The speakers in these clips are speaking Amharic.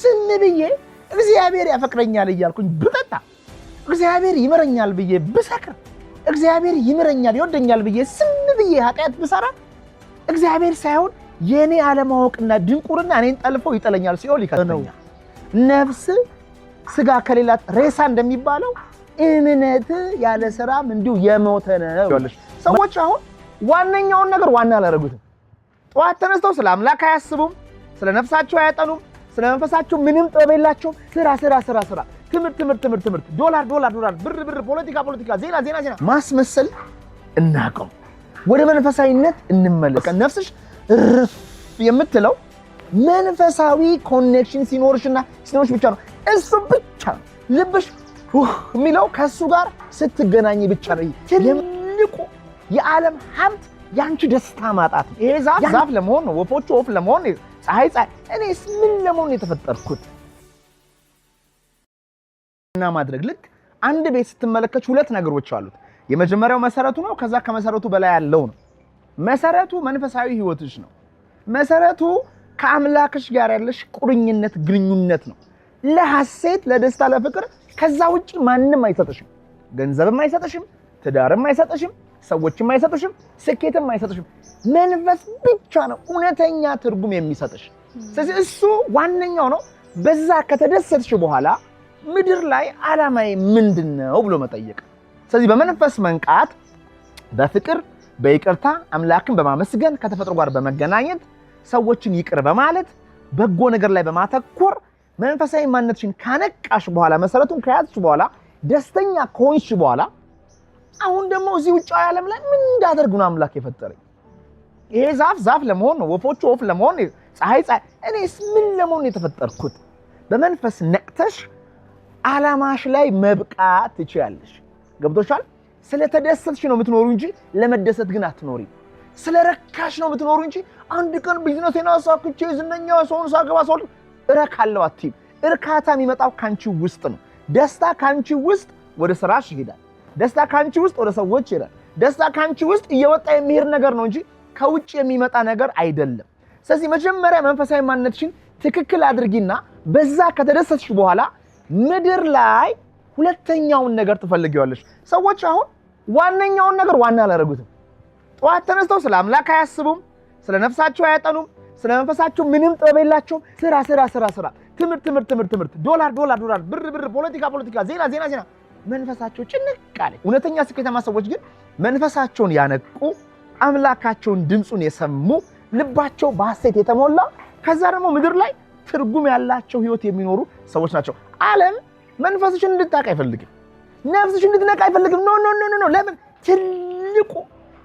ዝም ብዬ እግዚአብሔር ያፈቅረኛል እያልኩኝ ብጠጣ እግዚአብሔር ይምረኛል ብዬ ብሰክር እግዚአብሔር ይምረኛል ይወደኛል ብዬ ዝም ብዬ ኃጢአት ብሰራ እግዚአብሔር ሳይሆን የእኔ አለማወቅና ድንቁርና እኔን ጠልፎ ይጠለኛል፣ ሲኦል ይከተኛል። ነፍስ ስጋ ከሌላት ሬሳ እንደሚባለው እምነት ያለ ስራም እንዲሁ የሞተ ነው። ሰዎች አሁን ዋነኛውን ነገር ዋና አላደረጉትም። ጠዋት ተነስተው ስለ አምላክ አያስቡም፣ ስለ ነፍሳቸው አያጠኑም። ስለ መንፈሳችሁ ምንም ጥበብ የላቸውም። ስራ ስራ ስራ ስራ፣ ትምህርት ትምህርት ትምህርት ትምህርት፣ ዶላር ዶላር ዶላር፣ ብር ብር፣ ፖለቲካ ፖለቲካ፣ ዜና ዜና ዜና፣ ማስመሰል እናቀው። ወደ መንፈሳዊነት እንመለስ። ነፍስሽ ርፍ የምትለው መንፈሳዊ ኮኔክሽን ሲኖርሽና ሲኖርሽ ብቻ ነው። እሱ ብቻ ልብሽ የሚለው ከእሱ ጋር ስትገናኝ ብቻ ነው። ትልቁ የዓለም ሀብት የአንቺ ደስታ ማጣት ነው። ይሄ ዛፍ ለመሆን ነው። ወፎቹ ወፍ ለመሆን ፀሐይ ፀሐይ፣ እኔስ ምን ለመሆን የተፈጠርኩት እና ማድረግ ልክ አንድ ቤት ስትመለከች ሁለት ነገሮች አሉት። የመጀመሪያው መሰረቱ ነው። ከዛ ከመሰረቱ በላይ ያለው ነው። መሰረቱ መንፈሳዊ ህይወትሽ ነው። መሰረቱ ከአምላክሽ ጋር ያለሽ ቁርኝነት ግንኙነት ነው። ለሐሴት፣ ለደስታ፣ ለፍቅር ከዛ ውጪ ማንም አይሰጥሽም። ገንዘብም አይሰጥሽም፣ ትዳርም አይሰጥሽም። ሰዎችም አይሰጡሽም፣ ስኬትም አይሰጡሽም። መንፈስ ብቻ ነው እውነተኛ ትርጉም የሚሰጥሽ። ስለዚህ እሱ ዋነኛው ነው። በዛ ከተደሰትሽ በኋላ ምድር ላይ ዓላማዬ ምንድን ነው ብሎ መጠየቅ። ስለዚህ በመንፈስ መንቃት በፍቅር በይቅርታ አምላክን በማመስገን ከተፈጥሮ ጋር በመገናኘት ሰዎችን ይቅር በማለት በጎ ነገር ላይ በማተኮር መንፈሳዊ ማንነትሽን ካነቃሽ በኋላ መሰረቱን ከያዝሽ በኋላ ደስተኛ ከሆንሽ በኋላ አሁን ደግሞ እዚህ ውጫዊ ዓለም ላይ ምን እንዳደርግ ነው አምላክ የፈጠረኝ? ይሄ ዛፍ ዛፍ ለመሆን ነው፣ ወፎቹ ወፍ ለመሆን፣ ፀሐይ ፀሐይ። እኔስ ምን ለመሆን የተፈጠርኩት? በመንፈስ ነቅተሽ አላማሽ ላይ መብቃት ትችያለሽ። ገብቶሻል? ስለተደሰትሽ ነው የምትኖሩ እንጂ ለመደሰት ግን አትኖሪ። ስለረካሽ ነው የምትኖሩ እንጂ አንድ ቀን ቢዝነሴን አሳክቼ ዝነኛ ሰውን ሳገባ ሰው እረካለው አትይም። እርካታ የሚመጣው ከአንቺ ውስጥ ነው። ደስታ ከአንቺ ውስጥ ወደ ስራሽ ይሄዳል። ደስታ ከአንቺ ውስጥ ወደ ሰዎች ይላል። ደስታ ከአንቺ ውስጥ እየወጣ የሚሄድ ነገር ነው እንጂ ከውጭ የሚመጣ ነገር አይደለም። ስለዚህ መጀመሪያ መንፈሳዊ ማንነትሽን ትክክል አድርጊና በዛ ከተደሰትሽ በኋላ ምድር ላይ ሁለተኛውን ነገር ትፈልጊዋለሽ። ሰዎች አሁን ዋነኛውን ነገር ዋና አላደረጉትም። ጠዋት ተነስተው ስለ አምላክ አያስቡም፣ ስለ ነፍሳቸው አያጠኑም፣ ስለ መንፈሳቸው ምንም ጥበብ የላቸውም። ስራ ስራ ስራ ስራ፣ ትምህርት ትምህርት ትምህርት ትምህርት፣ ዶላር ዶላር ዶላር፣ ብር ብር፣ ፖለቲካ ፖለቲካ፣ ዜና ዜና ዜና መንፈሳቸው ጭንቅ አለ። እውነተኛ ስኬታማ ሰዎች ግን መንፈሳቸውን ያነቁ፣ አምላካቸውን ድምፁን የሰሙ፣ ልባቸው በሐሴት የተሞላ ከዛ ደግሞ ምድር ላይ ትርጉም ያላቸው ህይወት የሚኖሩ ሰዎች ናቸው። ዓለም መንፈስሽን እንድታቅ አይፈልግም። ነፍስሽ እንድትነቅ አይፈልግም። ኖ ኖ ኖ ኖ። ለምን? ትልቁ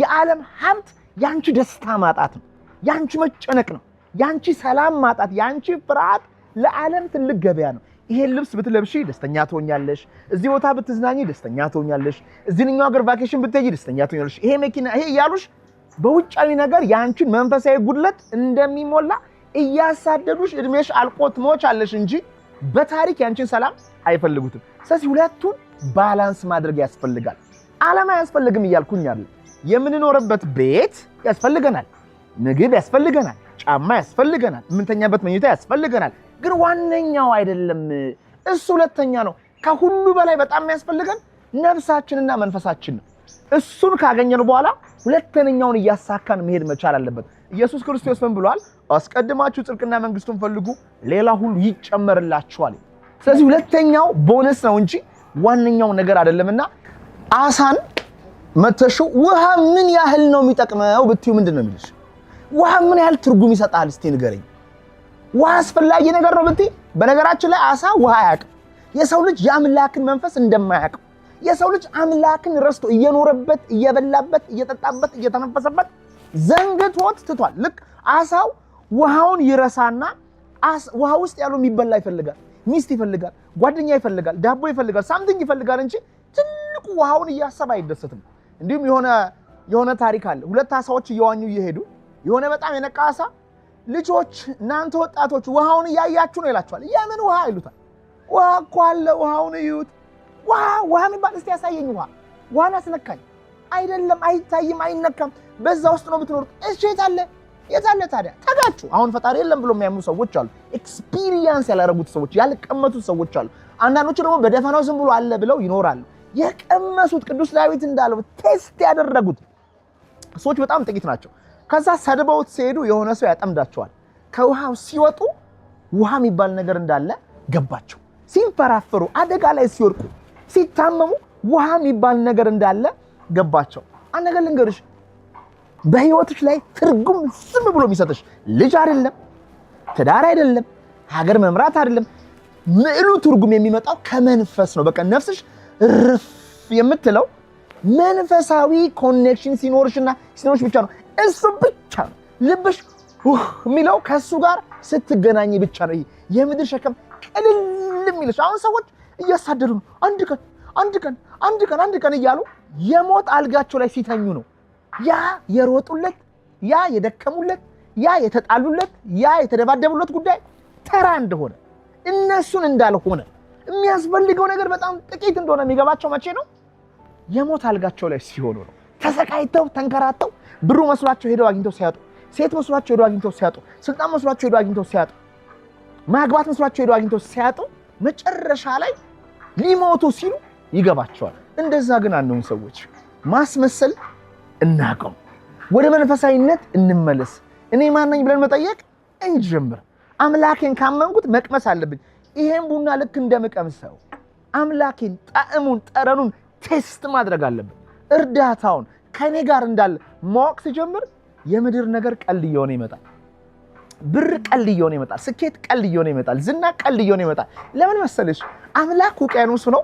የዓለም ሀብት ያንቺ ደስታ ማጣት ነው። ያንቺ መጨነቅ ነው። ያንቺ ሰላም ማጣት፣ ያንቺ ፍርሃት ለዓለም ትልቅ ገበያ ነው። ይሄን ልብስ ብትለብሺ ደስተኛ ትሆኛለሽ፣ እዚህ ቦታ ብትዝናኚ ደስተኛ ትሆኛለሽ፣ እዚህኛው ሀገር ቫኬሽን ብትሄጂ ደስተኛ ትሆኛለሽ፣ ይሄ መኪና ይሄ እያሉሽ በውጫዊ ነገር የአንቺን መንፈሳዊ ጉድለት እንደሚሞላ እያሳደዱሽ እድሜሽ አልቆ ትሞቻለሽ እንጂ በታሪክ ያንቺን ሰላም አይፈልጉትም። ስለዚህ ሁለቱን ባላንስ ማድረግ ያስፈልጋል። አለም አያስፈልግም እያልኩኝ አለ። የምንኖርበት ቤት ያስፈልገናል፣ ምግብ ያስፈልገናል፣ ጫማ ያስፈልገናል፣ የምንተኛበት መኝታ ያስፈልገናል፣ ግን ዋነኛው አይደለም፣ እሱ ሁለተኛ ነው። ከሁሉ በላይ በጣም የሚያስፈልገን ነፍሳችንና መንፈሳችን ነው። እሱን ካገኘን በኋላ ሁለተኛውን እያሳካን መሄድ መቻል አለበት። ኢየሱስ ክርስቶስ ምን ብሏል? አስቀድማችሁ ጽድቅና መንግስቱን ፈልጉ፣ ሌላ ሁሉ ይጨመርላችኋል። ስለዚህ ሁለተኛው ቦነስ ነው እንጂ ዋነኛው ነገር አይደለምና አሳን መተሹ ውሃ ምን ያህል ነው የሚጠቅመው ብትዩ ምንድን ነው የሚልሽ? ውሃ ምን ያህል ትርጉም ይሰጣል? እስቲ ንገረኝ። ውሃ አስፈላጊ ነገር ነው ብትይ፣ በነገራችን ላይ አሳ ውሃ አያውቅም። የሰው ልጅ የአምላክን መንፈስ እንደማያውቅም የሰው ልጅ አምላክን ረስቶ እየኖረበት እየበላበት እየጠጣበት እየተነፈሰበት ዘንግቶት ትቷል። ልክ አሳው ውሃውን ይረሳና ውሃ ውስጥ ያለው የሚበላ ይፈልጋል፣ ሚስት ይፈልጋል፣ ጓደኛ ይፈልጋል፣ ዳቦ ይፈልጋል፣ ሳምቲንግ ይፈልጋል እንጂ ትልቁ ውሃውን እያሰበ አይደሰትም። እንዲሁም የሆነ የሆነ ታሪክ አለ። ሁለት አሳዎች እየዋኙ እየሄዱ የሆነ በጣም የነቃ አሳ ልጆች እናንተ ወጣቶች ውሃውን እያያችሁ ነው ይላችኋል። የምን ውሃ ይሉታል። ውሃ እኮ አለ፣ ውሃውን እዩት። ውሃ ውሃ የሚባል እስቲ ያሳየኝ። ውሃ ውሃን አስነካኝ። አይደለም፣ አይታይም፣ አይነካም። በዛ ውስጥ ነው ብትኖሩት እሺ የታለ የታለ ታዲያ? ተጋችሁ። አሁን ፈጣሪ የለም ብሎ የሚያምኑ ሰዎች አሉ። ኤክስፒሪየንስ ያላረጉት ሰዎች፣ ያልቀመሱት ሰዎች አሉ። አንዳንዶቹ ደግሞ በደፈናው ዝም ብሎ አለ ብለው ይኖራሉ። የቀመሱት ቅዱስ ዳዊት እንዳለው ቴስት ያደረጉት ሰዎች በጣም ጥቂት ናቸው። ከዛ ሰድበውት ሲሄዱ የሆነ ሰው ያጠምዳቸዋል። ከውሃው ሲወጡ ውሃ የሚባል ነገር እንዳለ ገባቸው። ሲንፈራፈሩ፣ አደጋ ላይ ሲወድቁ፣ ሲታመሙ ውሃ የሚባል ነገር እንዳለ ገባቸው። አንድ ነገር ልንገርሽ፣ በህይወትሽ ላይ ትርጉም ዝም ብሎ የሚሰጥሽ ልጅ አይደለም፣ ትዳር አይደለም፣ ሀገር መምራት አይደለም። ምዕሉ ትርጉም የሚመጣው ከመንፈስ ነው። በቃ ነፍስሽ ርፍ የምትለው መንፈሳዊ ኮኔክሽን ሲኖርሽና ሲኖርሽ ብቻ ነው። እሱ ብቻ ነው። ልብሽ የሚለው ከእሱ ጋር ስትገናኝ ብቻ ነው። የምድር ሸክም ቅልል የሚልሽ። አሁን ሰዎች እያሳደዱ ነው። አንድ ቀን አንድ ቀን አንድ ቀን አንድ ቀን እያሉ የሞት አልጋቸው ላይ ሲተኙ ነው። ያ የሮጡለት፣ ያ የደከሙለት፣ ያ የተጣሉለት፣ ያ የተደባደቡለት ጉዳይ ተራ እንደሆነ እነሱን እንዳልሆነ የሚያስፈልገው ነገር በጣም ጥቂት እንደሆነ የሚገባቸው መቼ ነው? የሞት አልጋቸው ላይ ሲሆኑ ነው። ተሰቃይተው ተንከራተው ብሩ መስሏቸው ሄደው አግኝተው ሲያጡ፣ ሴት መስሏቸው ሄደው አግኝተው ሲያጡ፣ ስልጣን መስሏቸው ሄደው አግኝተው ሲያጡ፣ ማግባት መስሏቸው ሄደው አግኝተው ሲያጡ፣ መጨረሻ ላይ ሊሞቱ ሲሉ ይገባቸዋል። እንደዛ ግን አንሆን። ሰዎች ማስመሰል እናቀው ወደ መንፈሳዊነት እንመለስ። እኔ ማነኝ ብለን መጠየቅ እንጀምር። አምላኬን ካመንኩት መቅመስ አለብኝ። ይሄን ቡና ልክ እንደምቀምሰው አምላኬን ጣዕሙን፣ ጠረኑን ቴስት ማድረግ አለብን። እርዳታውን ከእኔ ጋር እንዳለ ማወቅ ሲጀምር የምድር ነገር ቀልድ እየሆነ ይመጣል። ብር ቀልድ እየሆነ ይመጣል። ስኬት ቀልድ እየሆነ ይመጣል። ዝና ቀልድ እየሆነ ይመጣል። ለምን መሰለሽ? አምላክ ውቅያኖስ ነው፣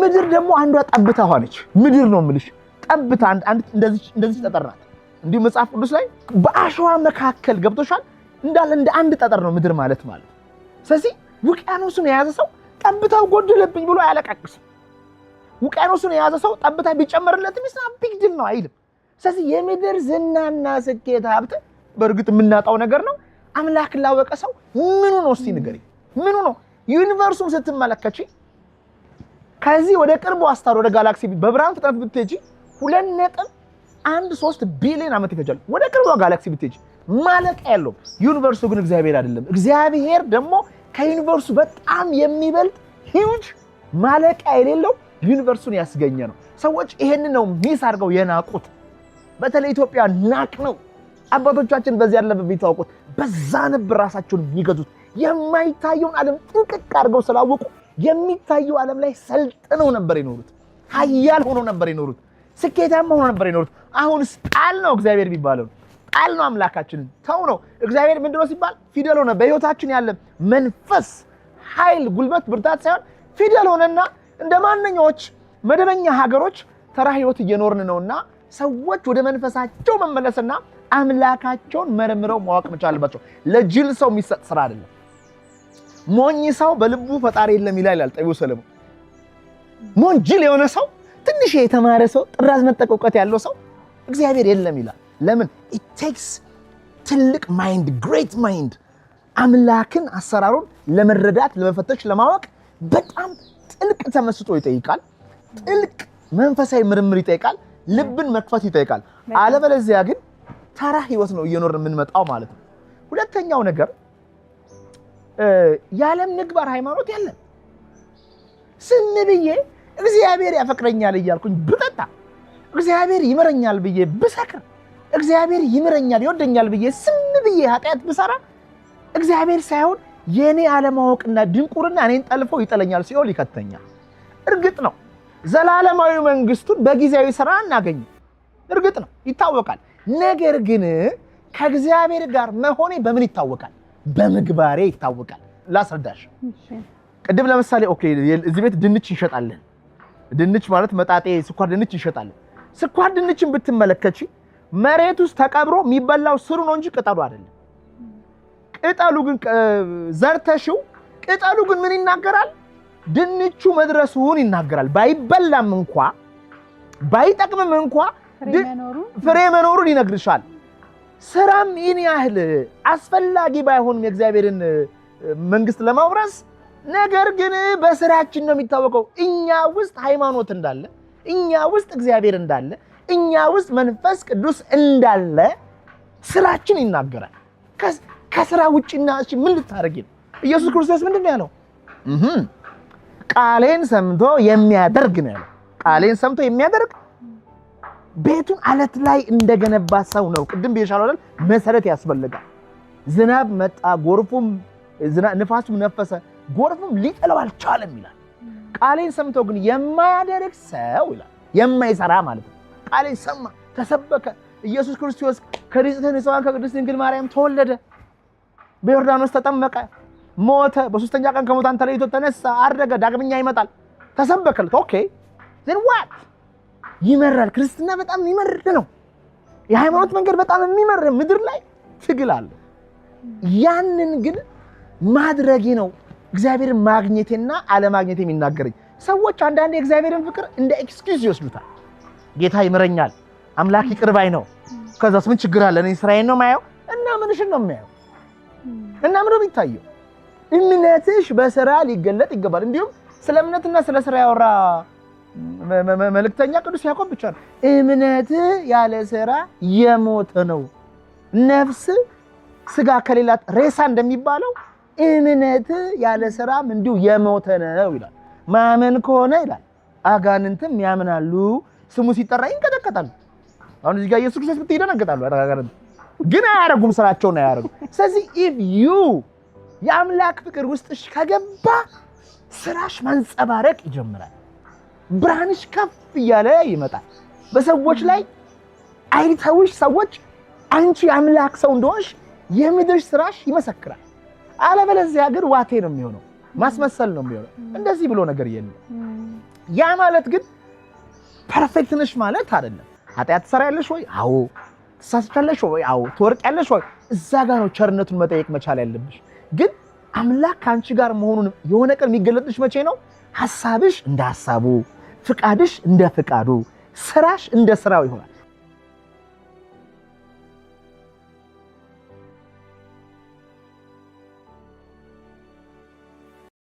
ምድር ደግሞ አንዷ ጠብታ ሆነች። ምድር ነው የምልሽ ጠብታ እንደዚህ ጠጠር ናት። እንዲሁ መጽሐፍ ቅዱስ ላይ በአሸዋ መካከል ገብቶሻል እንዳለ እንደ አንድ ጠጠር ነው ምድር ማለት ማለት። ስለዚህ ውቅያኖሱን የያዘ ሰው ጠብታው ጎደለብኝ ብሎ አያለቃቅስም። ውቅያኖሱን የያዘ ሰው ጠብታ ቢጨመርለትም ስና ቢግድል ነው አይልም። ስለዚህ የምድር ዝናና ስኬት ሀብት በእርግጥ የምናጣው ነገር ነው። አምላክ ላወቀ ሰው ምኑ ነው? እስቲ ንገሪ፣ ምኑ ነው? ዩኒቨርሱን ስትመለከች ከዚህ ወደ ቅርቡ አስታር ወደ ጋላክሲ በብርሃን ፍጥነት ብትጂ ሁለት ነጥብ አንድ ሶስት ቢሊዮን ዓመት ይፈጃል። ወደ ቅርቧ ጋላክሲ ብትጂ ማለቂያ ያለው ዩኒቨርሱ ግን እግዚአብሔር አይደለም። እግዚአብሔር ደግሞ ከዩኒቨርሱ በጣም የሚበልጥ ሂውጅ ማለቂያ የሌለው ዩኒቨርሱን ያስገኘ ነው። ሰዎች ይሄን ነው ሚስ አድርገው የናቁት። በተለይ ኢትዮጵያ ናቅ ነው። አባቶቻችን በዚህ ያለበ ቢታወቁት በዛ ነበር ራሳቸውን የሚገዙት። የማይታየውን ዓለም ጥንቅቅ አድርገው ስላወቁ የሚታየው ዓለም ላይ ሰልጥነው ነበር የኖሩት። ሀያል ሆኖ ነበር የኖሩት። ስኬታማ ሆኖ ነበር የኖሩት። አሁንስ ጣል ነው እግዚአብሔር የሚባለው ጣል ነው አምላካችንን ተው ነው እግዚአብሔር ነው ሲባል ፊደል ሆነ። በህይወታችን ያለ መንፈስ ኃይል፣ ጉልበት፣ ብርታት ሳይሆን ፊደል ሆነና እንደ ማንኛዎች መደበኛ ሀገሮች ተራ ህይወት እየኖርን ነውና ሰዎች ወደ መንፈሳቸው መመለስና አምላካቸውን መርምረው ማወቅ መቻል አለባቸው። ለጅል ሰው የሚሰጥ ስራ አይደለም። ሞኝ ሰው በልቡ ፈጣሪ የለም ይላል ይላል ጠቢቡ ሰለሞን። ሞኝ ጅል የሆነ ሰው ትንሽ የተማረ ሰው ጥራዝ ነጠቅ እውቀት ያለው ሰው እግዚአብሔር የለም ይላል። ለምን? ኢት ቴክስ ትልቅ ማይንድ ግሬት ማይንድ አምላክን አሰራሩን ለመረዳት ለመፈተሽ ለማወቅ በጣም ጥልቅ ተመስጦ ይጠይቃል። ጥልቅ መንፈሳዊ ምርምር ይጠይቃል። ልብን መክፈት ይጠይቃል። አለበለዚያ ግን ተራ ህይወት ነው እየኖር የምንመጣው ማለት ነው። ሁለተኛው ነገር የዓለም ምግባር ሃይማኖት የለም። ስን ብዬ እግዚአብሔር ያፈቅረኛል እያልኩኝ ብጠጣ፣ እግዚአብሔር ይምረኛል ብዬ ብሰክር፣ እግዚአብሔር ይምረኛል ይወደኛል ብዬ ዝም ብዬ ኃጢአት ብሰራ እግዚአብሔር ሳይሆን የእኔ አለማወቅና ድንቁርና እኔን ጠልፎ ይጥለኛል፣ ሲኦል ይከተኛል። እርግጥ ነው ዘላለማዊ መንግስቱን በጊዜያዊ ስራ እናገኝ፣ እርግጥ ነው ይታወቃል። ነገር ግን ከእግዚአብሔር ጋር መሆኔ በምን ይታወቃል? በምግባሬ ይታወቃል። ላስረዳሽ። ቅድም ለምሳሌ ኦኬ፣ እዚህ ቤት ድንች እንሸጣለን። ድንች ማለት መጣጤ፣ ስኳር ድንች እንሸጣለን። ስኳር ድንችን ብትመለከች መሬት ውስጥ ተቀብሮ የሚበላው ስሩ ነው እንጂ ቅጠሉ አይደለም። ቅጠሉ ግን ዘርተሽው ቅጠሉ ግን ምን ይናገራል? ድንቹ መድረሱን ይናገራል። ባይበላም እንኳ ባይጠቅምም እንኳ ፍሬ መኖሩን ይነግርሻል። ስራም ይህን ያህል አስፈላጊ ባይሆንም የእግዚአብሔርን መንግስት ለማውረስ ነገር ግን በስራችን ነው የሚታወቀው። እኛ ውስጥ ሃይማኖት እንዳለ፣ እኛ ውስጥ እግዚአብሔር እንዳለ፣ እኛ ውስጥ መንፈስ ቅዱስ እንዳለ ስራችን ይናገራል። ከስራ ውጭና እሺ ምን ልታደርጊ ነው? ኢየሱስ ክርስቶስ ምንድን ነው ያለው? ቃሌን ሰምቶ የሚያደርግ ነው ያለው። ቃሌን ሰምቶ የሚያደርግ ቤቱን አለት ላይ እንደገነባ ሰው ነው። ቅድም ብዬሻለሁ አይደል? መሰረት ያስፈልጋል። ዝናብ መጣ፣ ጎርፉም ንፋሱም ነፈሰ፣ ጎርፉም ሊጥለው አልቻለም ይላል። ቃሌን ሰምቶ ግን የማያደርግ ሰው ይላል፣ የማይሰራ ማለት ነው። ቃሌን ሰማ፣ ተሰበከ። ኢየሱስ ክርስቶስ ከንጽሕተ ንጹሐን ከቅድስት ድንግል ማርያም ተወለደ። በዮርዳኖስ ተጠመቀ፣ ሞተ፣ በሶስተኛ ቀን ከሙታን ተለይቶ ተነሳ፣ አረገ፣ ዳግመኛ ይመጣል ተሰበከለት። ኦኬ ዜን ዋት ይመራል። ክርስትና በጣም የሚመር ነው። የሃይማኖት መንገድ በጣም የሚመር ምድር ላይ ትግል አለ። ያንን ግን ማድረጌ ነው እግዚአብሔርን ማግኘቴና አለማግኘቴ የሚናገረኝ። ሰዎች አንዳንዴ የእግዚአብሔርን ፍቅር እንደ ኤክስኪውዝ ይወስዱታል። ጌታ ይምረኛል፣ አምላክ ይቅር ባይ ነው። ከዛስ ምን ችግር አለ? እኔ ስራዬን ነው ማየው እና ምንሽን ነው የሚያየው እና ምንም ይታየው እምነትሽ በስራ ሊገለጥ ይገባል። እንዲሁም ስለ እምነትና ስለ ስራ ያወራ መልእክተኛ ቅዱስ ያዕቆብ ብቻ ነው። እምነት ያለ ስራ የሞተ ነው። ነፍስ ስጋ ከሌላት ሬሳ እንደሚባለው እምነት ያለ ስራም እንዲሁ የሞተ ነው ይላል። ማመን ከሆነ ይላል አጋንንትም ያምናሉ፣ ስሙ ሲጠራ ይንቀጠቀጣሉ። አሁን እዚህ ጋር ኢየሱስ ክርስቶስ ብትሄድ አጋንንት ግን አያደርጉም፣ ስራቸውን አያደርጉም። ስለዚህ ኢፍ ዩ የአምላክ ፍቅር ውስጥሽ ከገባ ስራሽ ማንጸባረቅ ይጀምራል። ብርሃንሽ ከፍ እያለ ይመጣል። በሰዎች ላይ አይተውሽ ሰዎች አንቺ የአምላክ ሰው እንደሆንሽ የምድር ስራሽ ይመሰክራል። አለበለዚያ ግን ዋቴ ነው የሚሆነው፣ ማስመሰል ነው የሚሆነው። እንደዚህ ብሎ ነገር የለም። ያ ማለት ግን ፐርፌክት ነሽ ማለት አይደለም። ኃጢአት ትሰሪያለሽ ወይ? አዎ ትሳስቻለሽ ወይ? አዎ። ትወርቅያለሽ ወይ? እዛ ጋር ነው ቸርነቱን መጠየቅ መቻል ያለብሽ። ግን አምላክ ከአንቺ ጋር መሆኑን የሆነ ቀን የሚገለጥሽ መቼ ነው? ሐሳብሽ እንደ ሐሳቡ፣ ፍቃድሽ እንደ ፍቃዱ፣ ስራሽ እንደ ስራው ይሆናል።